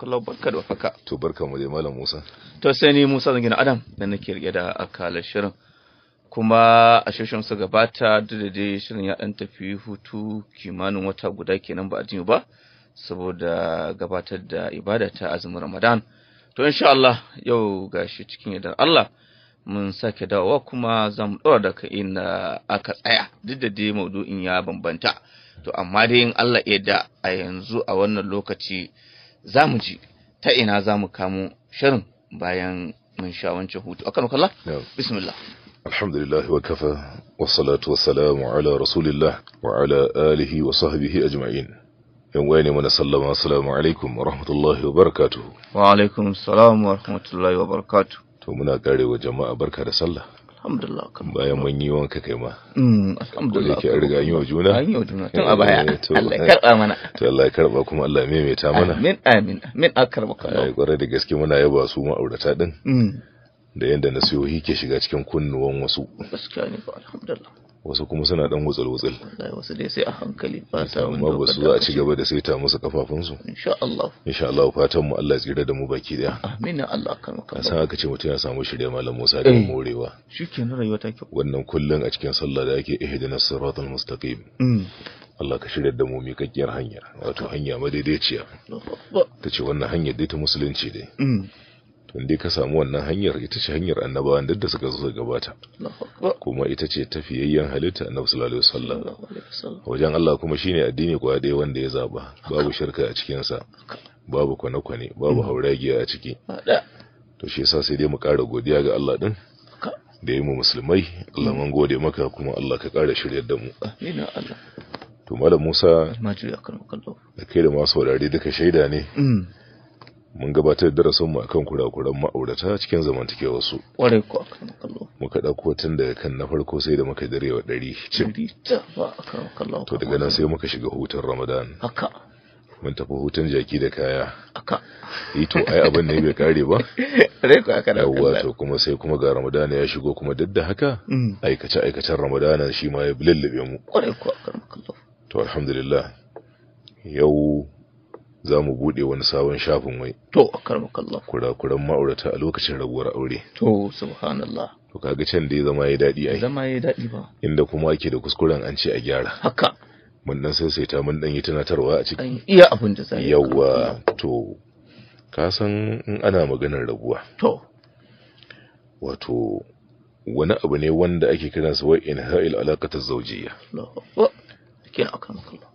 Kallau barka da wafaka. To barka Musa. To sai Adam da nake rike da akalar shirin. Kuma a shirin su gabata duk da dai shirin ya dan tafi hutu kimanin wata guda kenan ba a jiyo ba saboda gabatar da ibada ta azumin Ramadan. To insha Allah yau gashi cikin yadda Allah mun sake dawowa kuma za mu ɗora daga ina aka tsaya duk da dai maudu'in ya bambanta. To amma dai in Allah ya da a yanzu a wannan lokaci za mu ji ta ina za mu kamo shirin bayan mun sha wancan hutu akan kalla bismillah alhamdulillah wa kafa wa salatu wa salamu ala rasulillah wa ala alihi wa sahbihi ajma'in yan waye ne mana sallama assalamu alaikum wa rahmatullahi wa barakatuhu wa alaikum salam wa rahmatullahi wa barakatuhu to muna kare wa jama'a barka da sallah alhamdulillah kan bayan mun yi wanka kai ma mm, alhamdulillah ke riga yi wa juna an yi wa juna tun a baya eh, Allah ya karba mana to Allah ya karba kuma Allah ya maimaita mana amin amin amin a karba kuma ai kwarai da gaske muna yaba su ma'aurata din mm. da yanda nasihohi ke shiga cikin kunnuwan wasu gaskiya ne ba alhamdulillah wasu kuma suna dan wutsul wutsul wasu dai sai a hankali sa mun amma ba su za a ci gaba da saita musu kafafun su insha Allah insha Allah fatan mu Allah tsira da mu baki daya amin Allah kan ka san aka ce mutum ya samu shirye malam Musa da eh. morewa shikenan rayuwa ta kyau wannan kullun a cikin sallah da yake ihdinas siratal mustaqim mm. Allah ka shirya da mu miƙaƙƙiyar hanya wato hanya madaidaiciya ta ce wannan hanyar dai ta musulunci dai mm. inda ka samu wannan hanyar ita ce hanyar annabawan duk da suka zo gabata kuma ita ce tafiyayyen halitta annabi sallallahu alaihi wasallam wajen Allah kuma shine addini kwaya ɗaya wanda ya zaba babu shirka a cikin sa babu kwane-kwane babu hauragiya a ciki to shi yasa sai dai mu kara godiya ga Allah din da ya mu musulmai Allah mun gode maka kuma Allah ka ƙara shiryar da mu to malam Musa da kai da masu wurare duka shaida ne mm. mun gabatar da darasin mu akan kurakuran ma'aurata cikin zamantakewar su kware ko akan kallo muka dauko tun daga kan na farko sai da muka direwa dari cin to daga nan sai muka shiga hutun Ramadan haka mun tafi hutun jaki da kaya haka yi to ai abin ne bai kare ba rai ko kallo. yawwa to kuma sai kuma ga Ramadan ya shigo kuma duk haka mm. aikace aikacen Ramadan shi ma ya lullube mu kware ko akan kallo to alhamdulillah yau za mu buɗe wani sabon shafin wai. To, kura Kurakuran ma'aurata a lokacin rabuwar aure. To, subhanallah. To, kaga can dai zama ya daɗi ai. Zama ya daɗi ba. Inda kuma ake da kuskuren an ce a gyara. Haka. Mun dan ta, mun dan yi tunatarwa a cikin. Iya abin da za Yawwa, to, ka san in ana maganar rabuwa. To. Wato, wani abu ne wanda ake kiransa wai in ha'il alaƙatar zaujiya.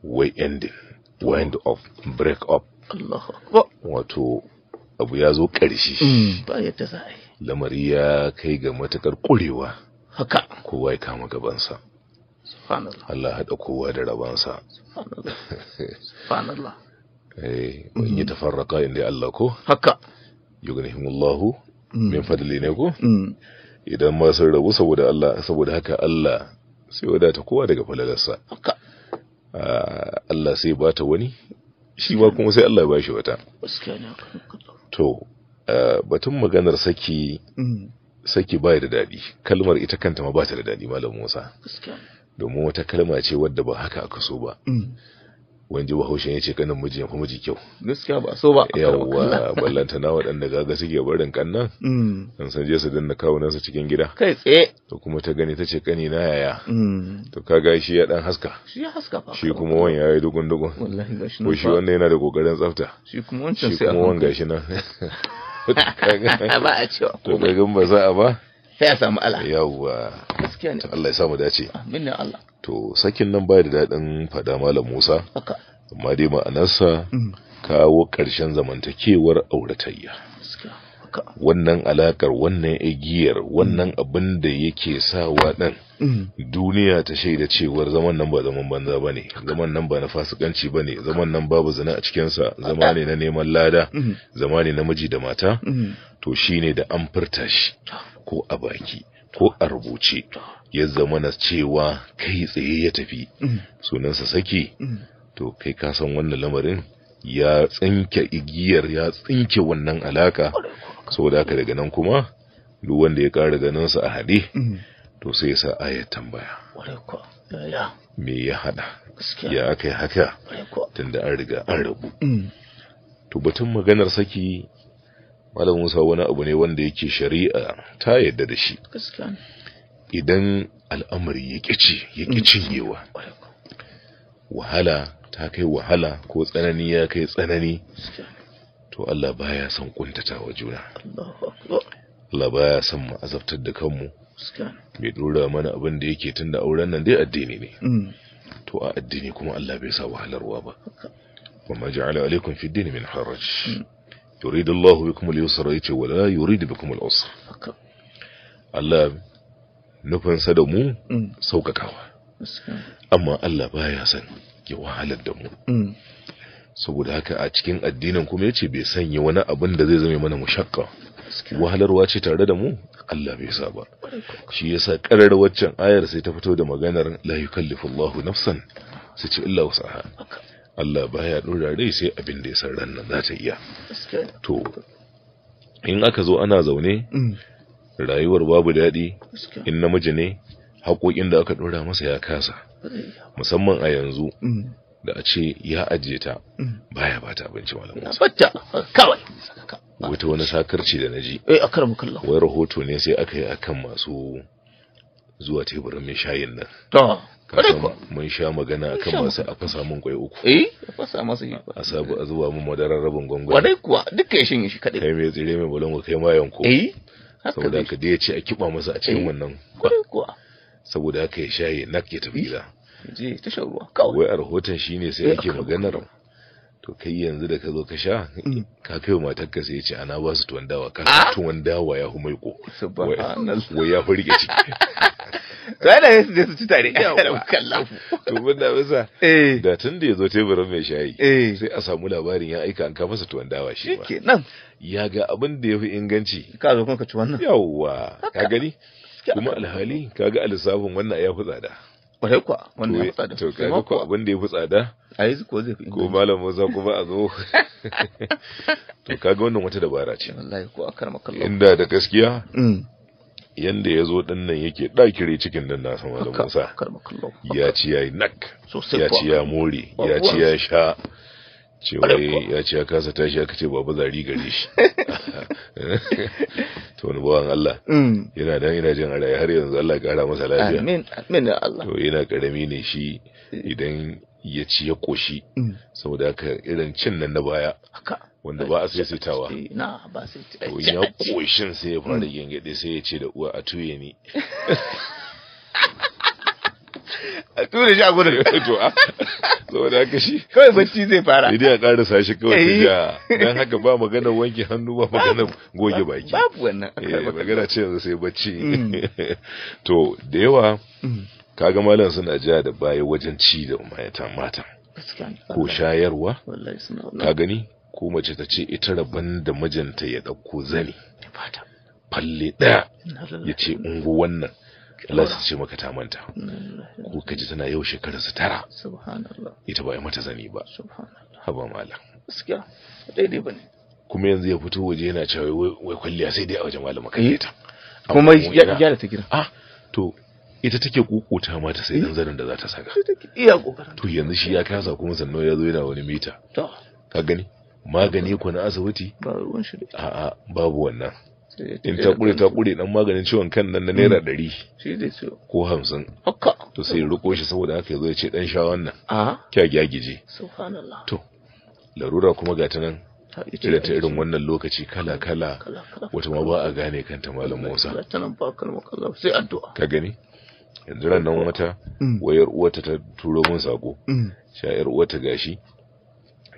Wai ending. wind of break up wato abu ya zo ƙarshe mm. ba yadda za a yi lamari ya kai ga matakar ƙurewa haka kowa ya kama gabansa Allah haɗa kowa da rabansa subhanallah eh mm. in tafarraka inda Allah ko haka yughnihimullahu mm. min fadli ne ko idan ma sun rabu saboda Allah saboda haka Allah sai wadata kowa daga falalarsa haka Ah, Allah sai bata wani shi ba kuma sai Allah ya ba wata to ah, batun maganar saki mm. saki ba da dadi kalmar ita kanta ma bata da dadi malam Musa domin wata kalma ce wadda ba haka aka so ba mm. wani haushin ya ce kanin miji ya fi miji kyau gaskiya ba so ba yawwa ballanta na waɗanda gaga suke barin kannan an mm. san je su danna kawunan su cikin gida kai tsaye to kuma ta gani ta ce kani na yaya mm. to kaga shi ya dan haska shi ya haska fa shi kuma wani ya dugun dugun wallahi gashi ko shi wanda yana da kokarin tsafta shi kuma wancan sai shi kuma wani gashi nan ba a cewa ko ba za a ba sai a samu ala yawwa gaskiya ne Allah ya samu dace amin Allah to sakin nan bai da dadin fada malam Musa amma dai ma'anarsa mm. kawo ƙarshen zamantakewar auratayya wannan alakar wannan igiyar wannan abin da yake sawa ɗan mm. duniya ta shaida cewar zaman nan ba zaman banza ba zaman nan ba na fasikanci bane ne zaman nan babu zina a cikinsa zama ne na neman lada mm. zama ne na miji da mata to shine da an furta shi ko a baki ko a rubuce ya zama na cewa kai tsaye ya tafi mm. sunansa saki. Mm. to kai ka san wannan lamarin ya tsinke igiyar ya tsinke wannan alaka saboda haka daga nan kuma duk wanda ya ƙara sa a haɗe mm. to sai sa ayat tambaya me ya haɗa ya aka yi haka tunda an riga an rabu to batun maganar saki malam musa wani abu ne wanda yake shari'a ta yadda da shi idan al'amari ya kici ya mm. yewa wahala ta kai wahala ko tsanani ya kai tsanani to Allah baya son kuntata wa juna Allah baya son mu azabtar da kanmu bai dora mana abin da yake tunda auren nan dai addini ne mm. to a addini kuma Allah bai sa wahalarwa ba wa ma ja'ala alaikum fi min haraj mm. yuridu Allahu bikum al-yusra yace wala yuridu bikum al Allah nufinsa da mu saukakawa amma Allah baya son ya wahalar da mu saboda haka a cikin addinin kuma ya ce bai sanya wani abin da zai zama mana mushakka wahalarwa ce tare da mu Allah bai sa ba shi yasa karar waccan ayar sai ta fito da maganar la yukallifu nafsan sai ce illa wasaha Allah baya dora rai sai abin da ya san ran nan za ta iya to in aka zo ana zaune mm. rayuwar babu daɗi in namiji ne haƙoƙin da aka ɗora masa ya kasa musamman a yanzu mm. da a ce ya ajiye ta mm. baya ba ta abinci malam Musa kawai wata wani sakarci da naji eh akram wai rahoto ne sai aka yi akan masu zuwa teburin mai shayin nan mun sha magana akan masu a fasa mun kwai uku eh a fasa masu yi a sabu a zuwa mun madarar rabin gwangwani wadai kuwa duka ya shin shi kadai kai mai tsire mai bolongo kai ma yanko eh saboda haka dai ya ce a kiba masa a cikin eh, wannan kuwa saboda haka ya shaye nak ya tafi eh, gida je ta shan ruwa kawai wai a rahoton shine sai yake eh, maganar to kai yanzu da ka zo ka sha mm. ka kai wa ka sai ya ce ana ba su tuwon dawa ka ah! tuwon dawa ya hu mai ko wai ya furge ciki to ai da su je su ci tare yawa kallahu to muna Eh. da tun da ya zo teburin mai shayi eh. sai a samu labarin ya aika an kama masa tuwon dawa shi ba shikenan ya ga abin da ya fi inganci ka zo kanka ci wannan yawa ka gani kuma alhali kaga alisafin wannan ya fi tsada kwarai kuwa wannan ya fi tsada to kaga ko abin da ya fi tsada a yi ko zai fi inganci ko malam Musa kuma a zo to kaga wannan wata dabara ce wallahi ko akar makallahu inda da gaskiya mm. yanda ya zo ɗan nan yake ɗakire cikin nan nasa malam Musa ya ci ya yi nak ya ci ya more ya ci ya sha cewai ya ci ya kasa tashi aka ce babu zari gare shi to wani bawan Allah mm. yana dan yana jin arayi har yanzu Allah ya kara masa lafiya amin amin Allah to yana karami ne shi idan ya ci ya koshi mm. saboda haka irin cin nan na baya wanda ba a saisaitawa to ya koshin sai ya fara mm. gyangyaɗe sai ya ce da uwa a tuye ni a tuye shi a gudun to a saboda haka shi kawai bacci zai fara idan ya karasa shi kawai ta eh. ja dan haka ba magana wanke hannu ba magana goge baki babu wannan eh, magana ce yanzu sai bacci mm. to da yawa kaga malam suna ja da baya wajen ci da mata mata ko shayarwa ka gani ko mace ta ce ita rabon da mijinta ya ɗauko zani falle ɗaya ya ce ungo wannan Allah su ce maka ta manta ko ka ji tana yau shekara su tara ita ba ya mata zani ba haba malam kuma yanzu ya fito waje yana cewa wai kwalliya sai dai a wajen malama kai eh, ta kuma ya da ta kira ah to ita take kukuta mata sai dan eh. zanin da za ta saka iya kokarin to yanzu shi ya kasa kuma sannan ya zo yana wani mita to ka gani magani ku na asibiti ba ruwan shi a a babu wannan in ta kure ta kure dan maganin ciwon kan nan na naira hmm. ɗari ko hamsin to sai ruko shi saboda haka yazo ya ce dan sha wannan kya gyagije subhanallah to larura kuma ga ta nan ita ta irin wannan lokaci kala kala wata ma ba a gane kanta malam Musa sai addu'a ka gani yanzu ran wata mm. wayar uwata ta turo mun sako shayar mm. uwata gashi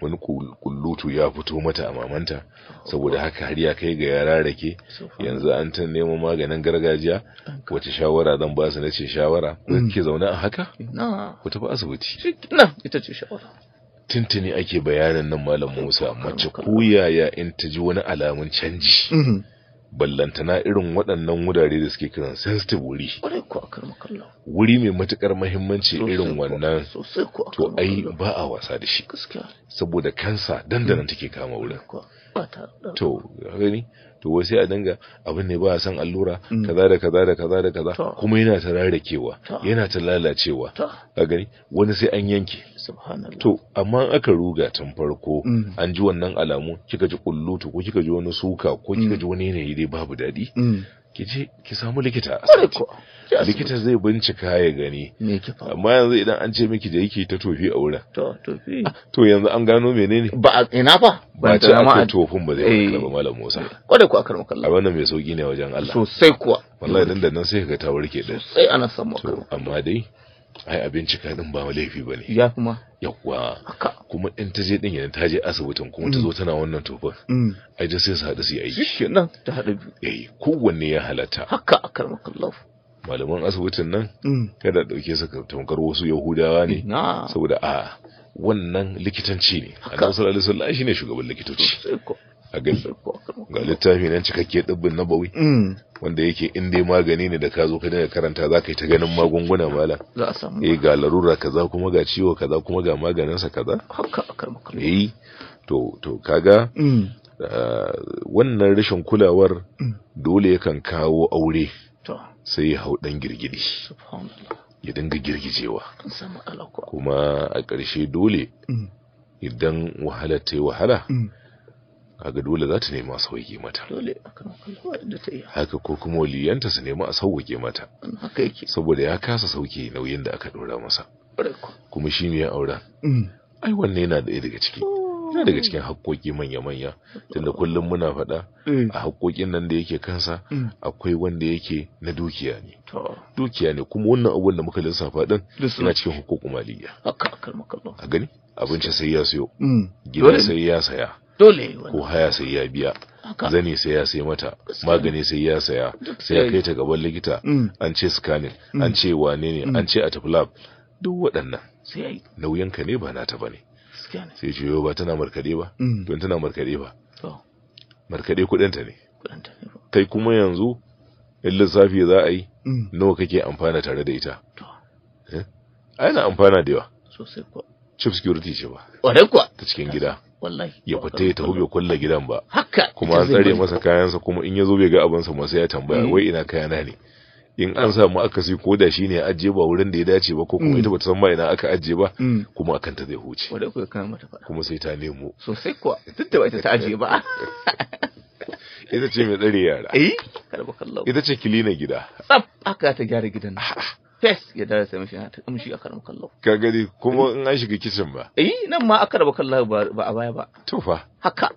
wani kullutu ya fito mata a mamanta saboda haka har ya kai ga yara rake yanzu an ta neman maganin gargajiya wace shawara zan ba su na ce shawara mm. ke zaune a haka ku tafi asibiti na ita ce shawara tuntuni ake bayanin nan malam Musa mace ko yaya in ta ji wani alamun canji mm-hmm. ballantana irin waɗannan wurare da suke kiran sensitive wuri wuri mai matukar mahimmanci irin wannan to ai ba a wasa da shi saboda kansa dandanan take kama wurin to gani to wai sai a danga abin ne ba a san allura mm. kaza da kaza da kaza da kaza kuma yana ta rarakewa yana ta lalacewa a gani wani sai an yanke to amma aka ruga tun farko mm. an ji wannan alamu kika ji kullutu ko kika ji wani suka ko kika ji wani yanayi dai babu daɗi mm. ki je ki samu likita a likita zai bincika ya gani me ki fa amma yanzu idan an ce miki da yake ta tofi a wurin to tofi ah, to yanzu an gano menene ba ina fa ba ta a tofin ba zai eh. ba malam Musa kwarai ku akar makalla wannan mai sauki ne wajen Allah sosai kuwa wallahi dan da nan sai ka ta warke din sai ana samu amma dai ai abincika din ba laifi ba ne ya kuma yawwa kuma in ta je din yana ta je asibitin kuma ta zo mm. tana wannan tofar mm. ai da sai su hada su yi aiki shikenan ta haɗu eh kowanne ya halatta haka akarmakallahu malaman asibitin nan mm. kada dauke su tamkar wasu yahudawa ne saboda a wannan likitanci ne annabi sallallahu alaihi wasallam shine shugaban likitoci a ga littafi nan cikakke dubbin nabawi wanda yake in dai magani ne da ka zo ka dinga karanta za ka yi ta ganin magunguna mala. za a samu eh ga larura kaza kuma ga ciwo kaza kuma ga maganinsa kaza haka eh to to kaga mm. ah, wannan rashin kulawar mm. dole yakan kawo aure To. sai ya hau dan girgidi ya dinga girgijewa kuma a ƙarshe dole mm. idan wahala ta yi wahala kaga dole za ta nema a sauke mata haka ko kuma waliyanta su nema a sauke mata saboda ya kasa sauke nauyin da aka dora masa kuma shi ne ya aura mm. ai wannan yana daya daga ciki oh. yana daga cikin haƙƙoƙi manya-manya tunda kullum muna faɗa eh. a haƙƙoƙin nan da yake kansa mm. akwai wanda yake na dukiya ne dukiya ne kuma wannan abun da muka lissafa din yana cikin hukukun maliyya a gani abinci sai ya siyo mm. gida sai ya saya dole ko haya sai ya biya Zani sai ya sai mata magani sai ya saya sai ya kai ta gaban likita mm. an ce scanning mm. an ce wane ne an mm. ce a tafi lab duk waɗannan nauyin ka ne ba nata bane sai ce yau ba tana markade ba don tana markade ba markade kudinta ne kai kuma yanzu in lissafi za a yi nawa kake amfana tare da ita eh? na amfana da yawa chief security ce ba ta cikin gida ya fita ya tafi bai kulla gidan ba Haka. kuma an tsare masa kayansa kuma in ya zo bai ga abinsa masu ya tambaya mm. wai ina kayana ne in an samu aka sai ko da shi ne ajiye ba wurin da ya dace ba ko kuma mm. ita bata san ma ina aka ajiye ba mm. kuma akan ta zai huce wanda kuka kama mata fada kuma sai ta nemo sosai kuwa duk da bata ta ajiye ba ita ce mai tsare yara eh karba kallo. ita ce kilina gida tsaf aka ta gyara gidan a'a fes ya dara sai mishi ta kamshi a karamu kallo ka gani kuma in an shiga kitchen ba eh nan ma aka raba kallo ba a baya ba to fa haka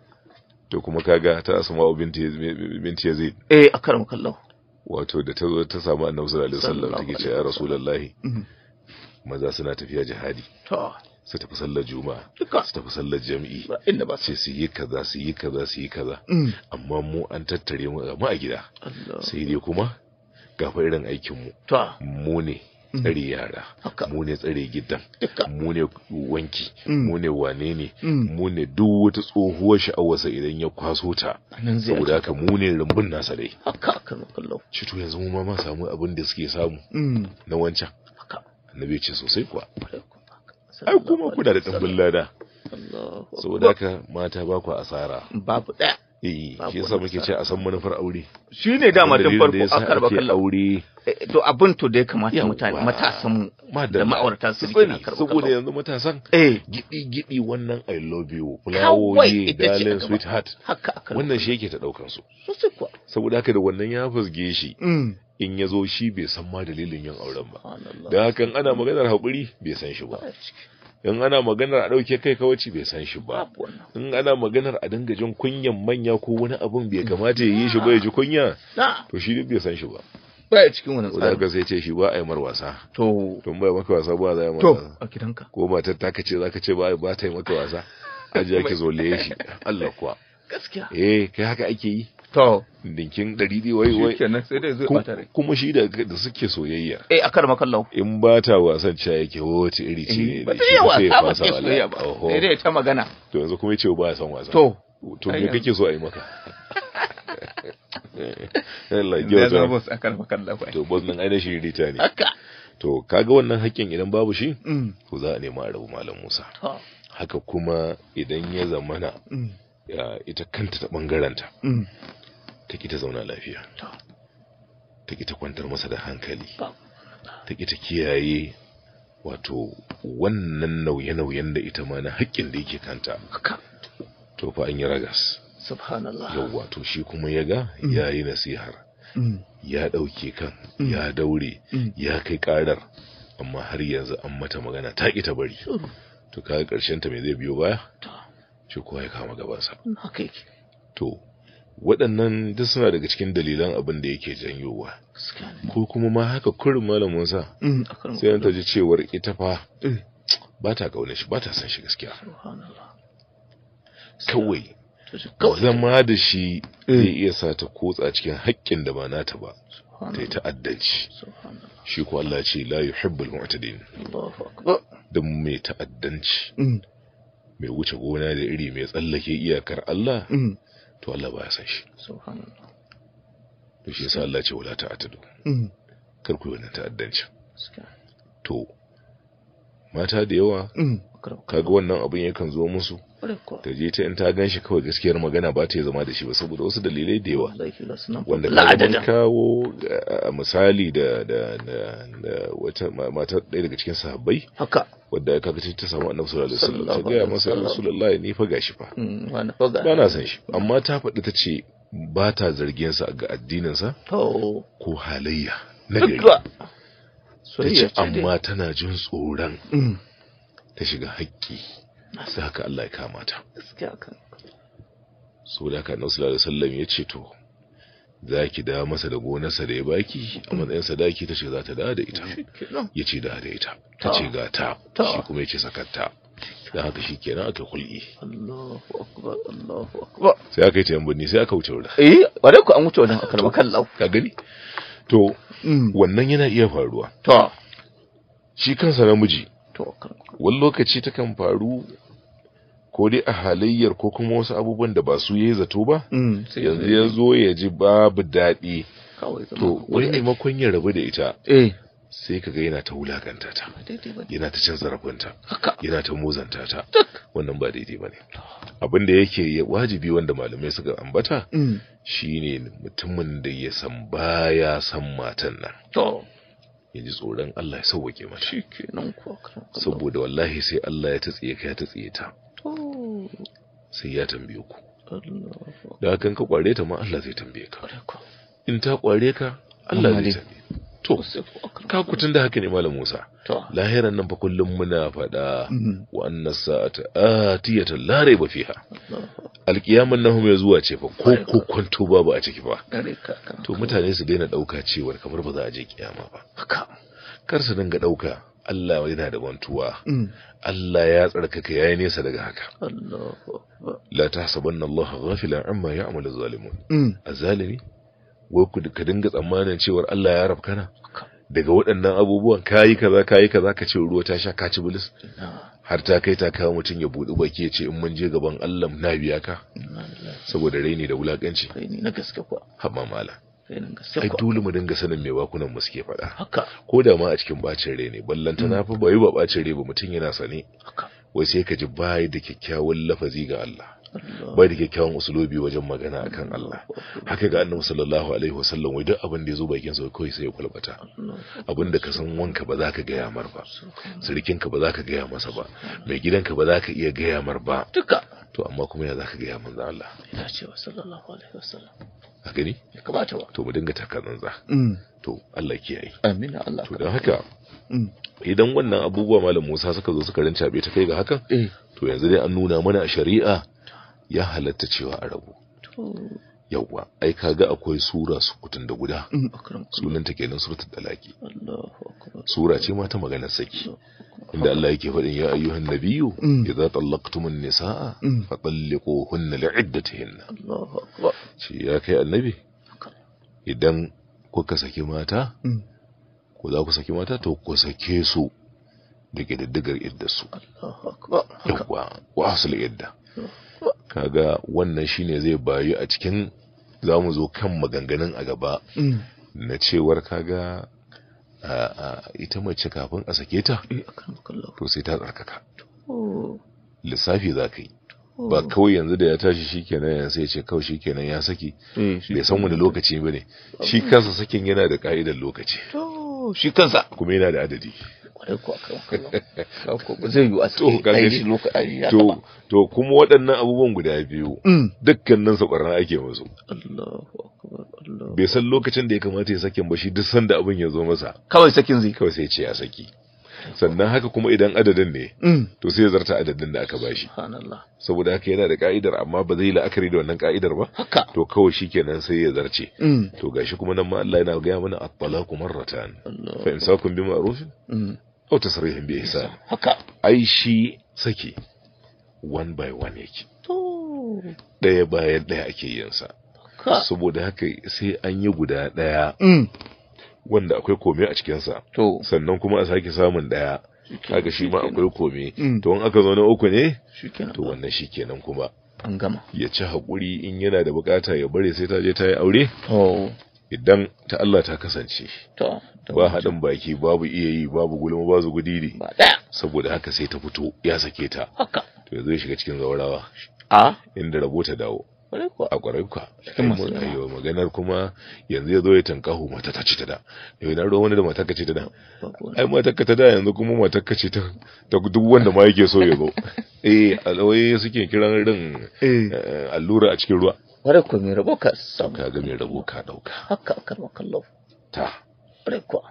to kuma kaga ta asma binti binti yazid eh a karamu kallo wato da ta zo ta samu annabi sallallahu alaihi wasallam take ce ya rasulullahi mm-hmm. maza suna tafiya jihadi to su tafi sallar juma'a su tafi sallar jami'i inda ba Sai su yi kaza su yi kaza su yi kaza mm. amma mu an tattare mu a gida sai dai kuma gafa irin aikinmu mu ne mm. tsare yara mu ne tsare gidan mu ne wanki mm. mu ne wane ne mm. mu ne duk wata tsohuwar sha'awarsa idan ya kwaso ta saboda haka mu ne rumbun nasa dai Cito yanzu mu ma ma samu abin da suke samu na wancan annabi ce sosai kuwa ai kuma kuna da tambin lada saboda haka mata ba ku asara babu daya Eh, shi yasa muke ce a san manufar aure shi ne dama tun farko a karba kallon aure eh, eh, to abin to da ya kamata mutane matasan mu da ma'aurata su rike na karba saboda yanzu matasan gidi gidi wannan i love you fulawoyi darling sweetheart wannan shi yake ta daukar su saboda haka da wannan ya fusge shi mm. in ya zo shi bai san ma dalilin yin auren ba da hakan ana maganar haƙuri bai san shi ba in ana maganar a ɗauke kai kawaci bai san shi ba in ana maganar a dinga jin kunyan manya ko wani abun bai kamata ya yi shi ba ya ji kunya to shi duk bai san shi ba baya cikin wani tsari daga sai ce shi ba a yi mar wasa to tun bai maka wasa ba za a yi maka to a gidanka ko matar ta kace za ka ce ba ba ta yi maka wasa a ji ake zole shi Allah kuwa gaskiya eh kai haka ake yi to dinkin ɗari dai wai wai kuma shi da suke soyayya eh a kar makallau in ba ta wasan cha yake wace iri ce ba ta yi wasa ba ta soyayya ba dai ta magana to yanzu kuma yace ba san wasa to to me kake so a yi maka Allah ya gyara boss akar makallau to boss nan ainihin shi rita ne haka to kaga wannan hakkin idan babu shi mm. to za a nemi a rabu malam Musa haka kuma idan ya zamana mm. ita kanta ta bangaranta mm. ta ki ta zauna lafiya ta ki ta kwantar masa da hankali ta ki ta kiyaye wato wannan nauye-nauyen da ita ma na haƙƙin da yake kanta to fa an yi ragas subhanallah yawwa to shi kuma ya ga mm. ya yi nasihar mm. ya ɗauke kan mm. ya daure ya kai ƙarar amma har yanzu an mata magana ta ƙi ta bari to kaga ƙarshen ta me zai biyo baya shi kowa ya kama gabansa to waɗannan duk suna daga cikin dalilan abin da yake janyowa ko kuma ma haka kurin malamin mm, sa sai an ji cewar ita fa eh. ba ta kaune shi ba ta san shi gaskiya kawai zama da shi zai eh. iya sa ta kotsa cikin haƙƙin da ba nata ba ta yi ta'addanci shi ko Allah ce la hibbul mu'tadin Don mai ta'addanci mm. mai wuce gona da iri mai tsallake iyakar Allah mm. to Allah ba ya san shi subhanallah to shi yasa Allah ce wala ta'tadu mm. kar ku wannan ta'addanci to mata da yawa mm. kaga wannan abin yakan zo musu ta je ta in ta gan kawai gaskiyar magana ba ta zama da shi ba saboda wasu dalilai da yawa wanda ka kawo misali da wata mata ɗaya daga cikin sahabbai wadda ka kace ta samu annabi sallallahu alaihi wasallam ta gaya masa rasulullahi ni fa gashi fa mm, ba na san shi amma ta faɗi ta ce ba ta zargin sa ga addinin sa ko halayya na gari ta ce amma tana jin tsoron mm. ta shiga haƙƙi sai haka Allah ya kama ta saboda haka annabi sallallahu alaihi wasallam ya ce to za ki da masa da gonarsa da ya baki a mm. matsayin sadaki ta ce za ta da da ita ya ce da da ita ta ce ga ta shi kuma ya ce sakatta da haka shi kenan aka kul'i sai aka yi tayan ne sai aka wuce wurin eh ƙwarai ku an wuce wurin aka kan lau. ka gani to mm. wannan yana iya faruwa to shi kansa namiji wani lokaci takan faru ko dai a halayyar ko kuma wasu abubuwan da ba su yi zato ba mm. yanzu ya zo ya ji babu daɗi to wani aimakon ya rabu da ita eh. sai ka ga yana ta wulakanta ta yana ta cin zarafinta yana ta muzanta ta wannan ba daidai ba ne abin da yake wajibi wanda malamai suka ambata mm. shine mutumin da ya san baya san matan nan ya ji tsoron Allah ya sauwake mata saboda wallahi sai Allah ya tatsiye ka ya tatsiye ta sai ya tambaye ku da hakan ka kware ta ma Allah zai tambaye ka in ta kware ka Allah zai tambaye to ka ku da haka ne malam Musa lahiran nan fa kullum muna faɗa mhm. wa annas sa'ata atiyatan la raiba fiha alqiyamun nahum mai zuwa ce fa ko ko kwanto babu a ciki ba to mutane su daina dauka cewa kamar ba za a je kiyama ba kar su dinga dauka Allah yana da mantuwa mm. Allah ya tsarkaka yayi nesa daga haka la tahsabanna Allah ghafila amma ya ya'malu zalimun mm. zalimi, wai ku ka dinga tsammanin cewar Allah ya rafkana daga waɗannan abubuwan kayi kaza kayi kaza ka ce ruwa ta sha ka ci bilis har ta kai ta kawo mutum ya buɗi baki ya ce in mun je gaban Allah na biya ka saboda raini da wulaƙanci. raini na ai dole mu dinga sanin me bakunan mu suke faɗa ko da ma a cikin bacin rai ne ballanta na mm. fa bai ba bacin rai ba mutum yana sane wai sai ka ji bai da kyakkyawan lafazi ga Allah bai da kyakkyawan usulobi wajen magana akan Allah haka ga annabi sallallahu alaihi wasallam wai duk abin da yazo bakin sa kai sai ya kulbata abin da ka san wanka ba za ka gaya mar ba sirkin ka ba za ka gaya masa ba mai gidanka ba za ka iya gaya mar ba duka to amma kuma ya za ka gaya manzo Allah sallallahu alaihi wasallam a gani ya kamata ba to mu dinga za. Mm. to Allah kiyaye amina Allah to don haka mm. idan wannan abubuwa malam Musa suka zo suka rincabe ta kai ga hakan eh. to yanzu dai an nuna mana a shari'a ya halatta cewa a rabu yawwa ai kaga akwai sura su kutun da guda mm, sunanta kenan suratul akbar. sura ce ma ta maganar saki inda Allah yake faɗin ya ayyuhan nabiyyu mm. idza tallaqtumun nisaa mm. fa talliquhunna li'iddatihinna Allahu akbar shi ya kai annabi idan kuka saki mata mm. ko za ku saki mata to ku sake su da ƙididdigar iddarsu. Yawwa, wa asali idda. Kaga wannan shine zai bayu a cikin za mu zo kan maganganun a gaba. Na cewar kaga ita mace kafin a sake ta eh, to sai ta tsarkaka oh. lissafi za ka yi oh. ba kawai yanzu da ya tashi shikenan ya sai ce kawai shikenan ya saki eh, bai san wani lokaci bane shi oh. kansa sakin yana da ka'idar lokaci shi kansa kuma yana da adadi zai yi to to kuma waɗannan abubuwan guda biyu mm. dukkanin su ake musu bai san lokacin da ya kamata ya sakin ba shi duk sanda abin ya zo masa kawai sakin zai kawai sai ce ya saki sannan haka kuma idan adadin ne mm. to sai ya zarta adadin da aka bashi saboda haka yana da ka'idar amma ba zai la'akari da wannan ka'idar ba to kawai shikenan sai ya zarce mm. to gashi kuma nan ma Allah yana gaya mana at-talaqu marratan fa imsakun bi au tasrihin bi ihsan haka ai shi saki one by one yake Ɗaya daya bayan daya ake yin sa saboda haka sai an yi guda ɗaya. Mm. wanda akwai kome a cikinsa. sannan kuma a sake samun ɗaya. kaga shi ma akwai kome mm. to in aka zo na uku ne to wannan shikenan kuma an gama ya ci hakuri in yana da bukata ya bari sai ta je ta yi aure idan ta Allah ta kasance ba haɗin baki babu iya yi babu gulma babu gudiri saboda haka sai ta fito ya sake ta to yanzu ya shiga cikin zaurawa inda rabo ta dawo a kwarai kwa aiwa maganar kuma yanzu ya zo ya tankahu mata ta ce ta da yau na ruwan wani da mata ka ce ta da ai mata ka ta da yanzu kuma mata ka ce ta duk wanda ma yake so ya zo eh alawai suke kiran rin eh. Eh, allura a cikin ruwa Bare ku mai rabo ka sa. Ka ga mai rabo ka ɗauka. Haka aka makallo. Ta.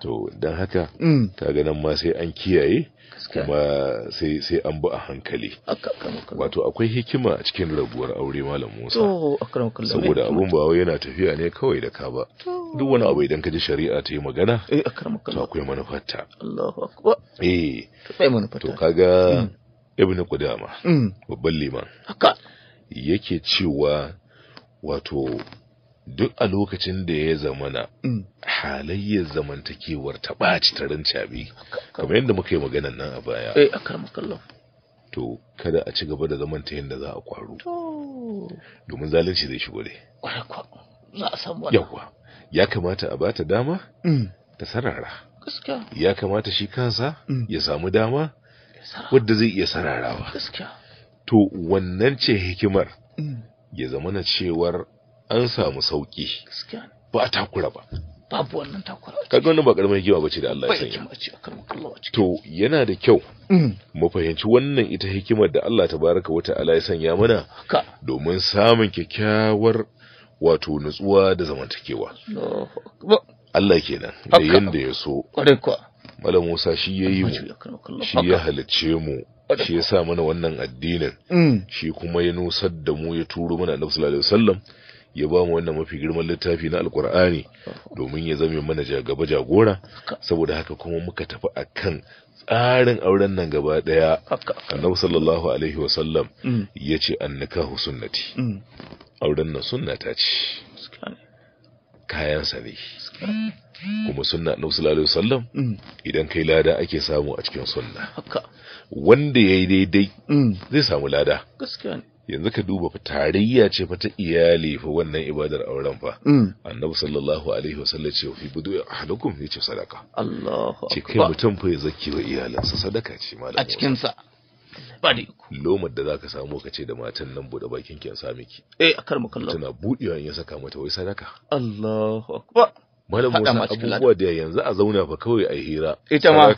To don haka, ta mm. nan ma sai an kiyaye kuma sai sai an bu a hankali. Wato akwai hikima a cikin rabuwar aure Malam Musa. Saboda abun ba wai yana tafiya ne kawai da ka ba. Duk wani abu idan ka ji shari'a ta yi magana, eh, to akwai ta Allahu Akbar. Eh. To kaga mm. Ibn Qudama, mm. babban liman. Haka. Yake cewa wato duk a lokacin da ya zamana mm. halayyar zamantakewar ta ɓaci ta rancabi kamar yadda muka yi maganan nan a baya eh to kada a ci gaba da zamanta yadda za a kwaro domin zalunci zai shigo dai za yawa ya kamata a bata dama mm. ta sarara ya kamata shi kansa mm. ya samu dama wadda zai iya sararawa to wannan ce hikimar ya zama na cewar an samu sauki ba a takura ba babu wannan takura kaga wannan ba karamar hikima bace da Allah ya sanya to yana da kyau mm. mu fahimci wannan ita hikimar da Allah tabaraka wata allah ya sanya mana domin samun kyakkyawar wato nutsuwa da zamantakewa Allah kenan da yanda ya so malam Musa shi yayi mu shi ya halice mu shi ya sa mana wannan addinin mm. shi kuma ya nusar da mu ya turo mana annabi sallallahu alaihi wasallam ya ba mu wannan mafi girman littafi na alkur'ani domin ya zame mana jagaba jagora saboda haka kuma muka tafi akan tsarin auren nan gaba daya annabi sallallahu alaihi wasallam mm. ya ce annikahu sunnati mm. auren nan sunnata ce kayansa ne kuma sunna na wasu lalai sallam idan kai lada ake samu a cikin sunna wanda ya yi daidai mm. zai samu lada yanzu ka duba fa tarayya ce fa ta iyali fa wannan ibadar auren fa mm. annabi sallallahu alaihi wasallam ce fi budu ahlukum yace sadaka Allahu akbar ce kai mutum fa ya zaki wa iyalansa sadaka ce malam a cikin sa ba da iko lomar da zaka samu ka ce da matan nan bude bakin ki an sami ki eh akar mu kallon tana budewa in ya saka mata wai sadaka Allahu akbar malam Musa abubuwa da yanzu a zauna fa kawai a hira ita ma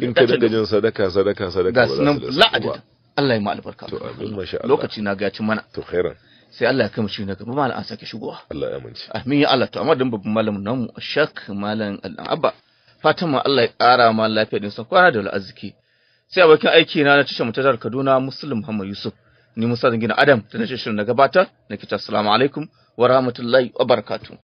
in ka dinga jin sadaka sadaka sadaka ba za su da Allah ya ma albarka to amin masha Allah lokaci na gaci mana to khairan sai Allah ya kai mu shi na gaba malam an sake shigowa Allah ya amince amin ya Allah to amma dan babban malamin namu shak malam Abba Fatima Allah ya ƙara ma lafiya din sa kwana da arziki sai abokin aiki na na tashar mu Kaduna Muslim Muhammad Yusuf ni Musa Zangina Adam da na shirin na gabatar nake ta assalamu alaikum wa rahmatullahi wa barakatuh